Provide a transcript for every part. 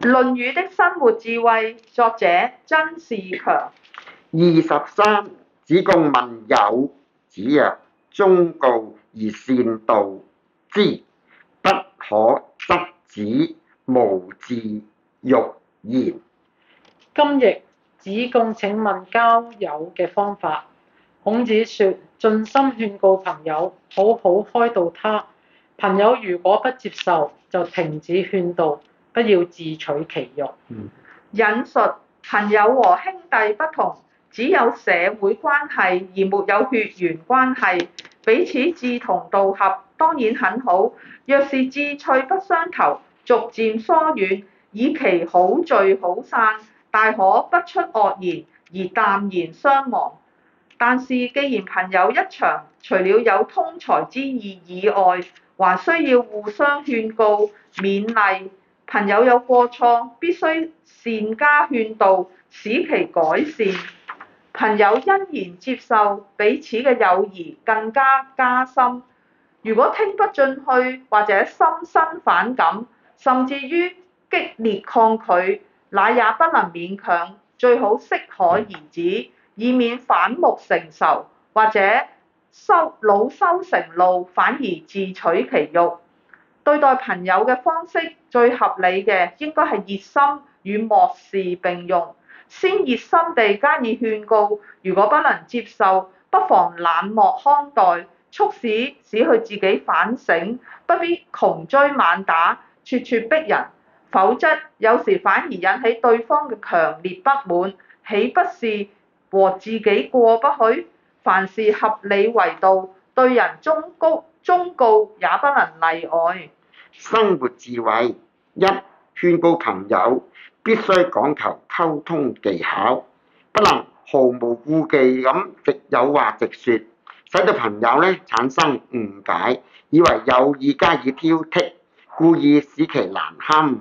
《論語》的生活智慧，作者曾仕強。二十三，子貢問友，子曰：忠告而善道之，不可則止，毋自辱焉。今日子貢請問交友嘅方法，孔子說：盡心勸告朋友，好好開導他。朋友如果不接受，就停止勸導。不要自取其辱。引述朋友和兄弟不同，只有社會關係而沒有血緣關係，彼此志同道合當然很好。若是志趣不相投，逐漸疏遠，以其好聚好散，大可不出惡言而淡然相忘，但是既然朋友一場，除了有通財之意以外，還需要互相勸告勉勵。朋友有過錯，必須善加勸導，使其改善。朋友欣然接受，彼此嘅友誼更加加深。如果聽不進去，或者心生反感，甚至於激烈抗拒，那也不能勉強，最好適可而止，以免反目成仇，或者老羞成怒，反而自取其辱。對待朋友嘅方式最合理嘅，應該係熱心與漠視並用。先熱心地加以勸告，如果不能接受，不妨冷漠看待，促使使佢自己反省，不必窮追猛打，咄咄逼人。否則，有時反而引起對方嘅強烈不滿，豈不是和自己過不去？凡事合理為度，對人忠告忠告也不能例外。生活智慧。一，勸告朋友必須講求溝通技巧，不能毫無顧忌咁直有話直說，使到朋友呢產生誤解，以為有意加以挑剔，故意使其難堪。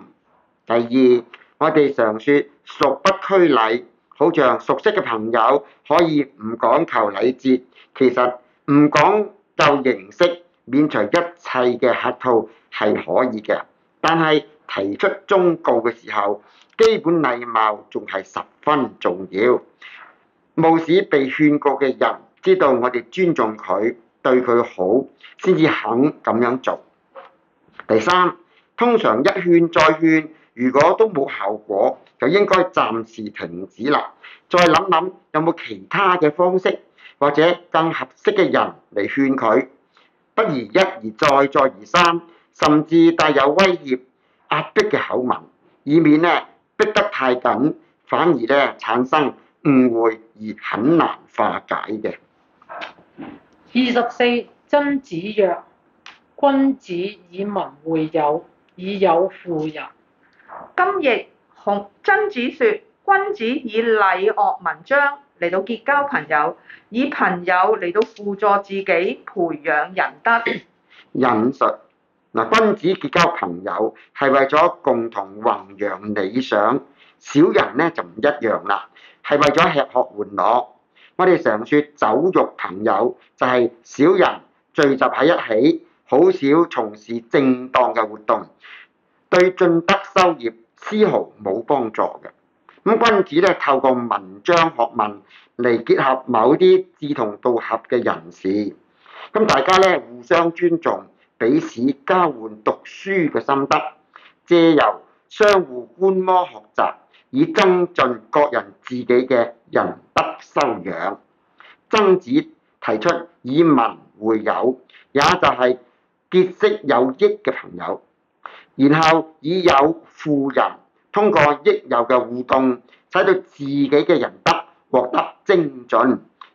第二，我哋常說熟不拘禮，好像熟悉嘅朋友可以唔講求禮節，其實唔講究形式，免除一切嘅客套。係可以嘅，但係提出忠告嘅時候，基本禮貌仲係十分重要。務使被勸過嘅人知道我哋尊重佢，對佢好，先至肯咁樣做。第三，通常一勸再勸，如果都冇效果，就應該暫時停止啦。再諗諗有冇其他嘅方式，或者更合適嘅人嚟勸佢，不如一而再，再而三。甚至帶有威脅壓迫嘅口吻，以免咧逼得太緊，反而咧產生誤會而很難化解嘅。二十四，曾子曰：君子以文會友，以友輔仁」今。今譯，曾子說：君子以禮樂文章嚟到結交朋友，以朋友嚟到輔助自己培養仁德、仁術。 君子結交朋友係為咗共同弘揚理想，小人咧就唔一樣啦，係為咗吃喝玩樂。我哋常說酒肉朋友，就係小人聚集喺一起，好少從事正當嘅活動，對進德修業絲毫冇幫助嘅。咁君子咧透過文章學問嚟結合某啲志同道合嘅人士，咁大家咧互相尊重。彼此交換讀書嘅心得，借由相互觀摩學習，以增進各人自己嘅仁德修養。曾子提出以文會友，也就係結識有益嘅朋友，然後以友輔仁，通過益友嘅互動，使到自己嘅仁德獲得精準。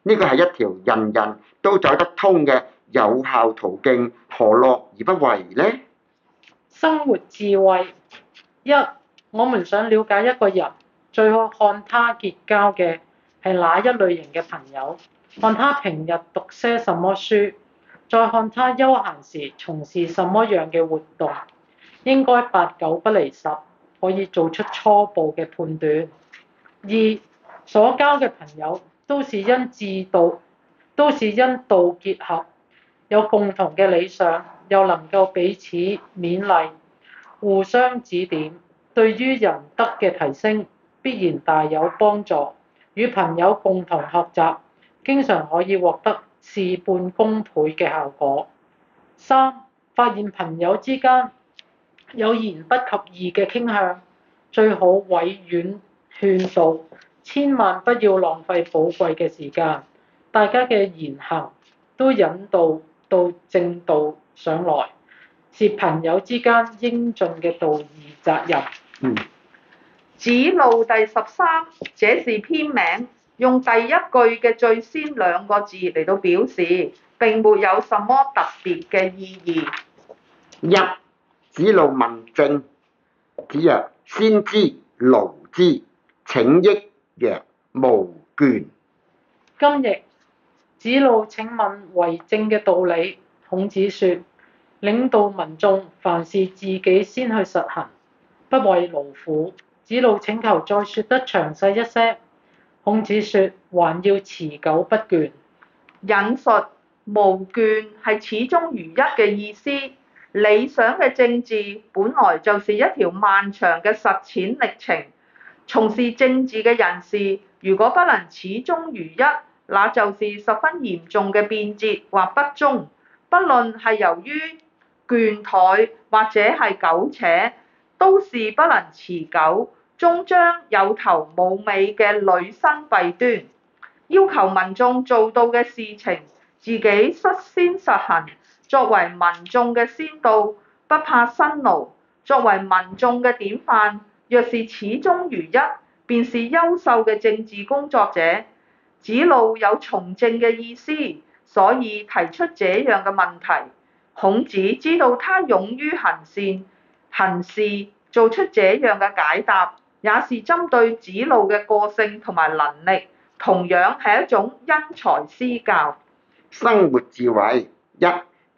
呢、這個係一條人人都走得通嘅有效途徑，何樂而不為呢？生活智慧。一，我們想了解一個人，最好看他結交嘅係哪一類型嘅朋友，看他平日讀些什麼書，再看他休閒時從事什麼樣嘅活動，應該八九不離十，可以做出初步嘅判斷。二，所交嘅朋友都是因智道，都是因道結合。有共同嘅理想，又能夠彼此勉勵、互相指點，對於仁德嘅提升，必然大有幫助。與朋友共同學習，經常可以獲得事半功倍嘅效果。三、發現朋友之間有言不及義嘅傾向，最好委婉勸導，千萬不要浪費寶貴嘅時間。大家嘅言行都引導到正道上來，是朋友之間應盡嘅道義責任。嗯。子路第十三，這是篇名，用第一句嘅最先兩個字嚟到表示，並沒有什麼特別嘅意義。一、嗯，子路問政。子曰：先知勞之，請益。曰：無倦。今日。子路請問為政嘅道理，孔子說領導民眾，凡事自己先去實行，不畏勞苦。子路請求再説得詳細一些，孔子說還要持久不倦。引述無倦係始終如一嘅意思。理想嘅政治本來就是一條漫長嘅實踐歷程，從事政治嘅人士如果不能始終如一，那就是十分嚴重嘅變節或不忠，不論係由於倦怠或者係苟且，都是不能持久，終將有頭冇尾嘅女生弊端。要求民眾做到嘅事情，自己率先實行，作為民眾嘅先導，不怕辛勞；作為民眾嘅典範，若是始終如一，便是優秀嘅政治工作者。子路有從政嘅意思，所以提出這樣嘅問題。孔子知道他勇於行善、行事，做出這樣嘅解答，也是針對子路嘅個性同埋能力，同樣係一種因材施教。生活智慧一，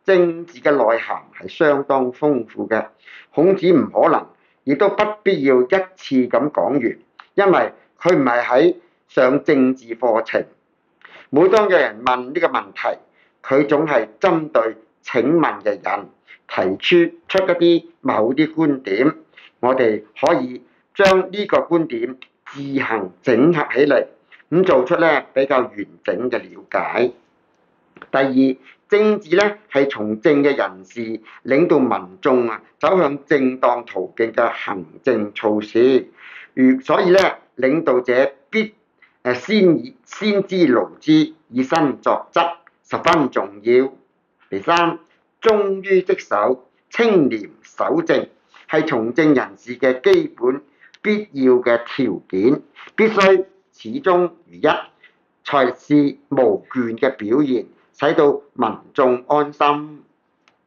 政治嘅內涵係相當豐富嘅。孔子唔可能，亦都不必要一次咁講完，因為佢唔係喺。上政治課程，每當有人問呢個問題，佢總係針對請問嘅人提出出一啲某啲觀點。我哋可以將呢個觀點自行整合起嚟，咁做出咧比較完整嘅了解。第二，政治咧係從政嘅人士領導民眾啊，走向正當途徑嘅行政措施。如所以咧，領導者。誒先之勞之，以身作則十分重要。第三，忠於職守、清廉守正，係從政人士嘅基本必要嘅條件，必須始終如一，才是無倦嘅表現，使到民眾安心。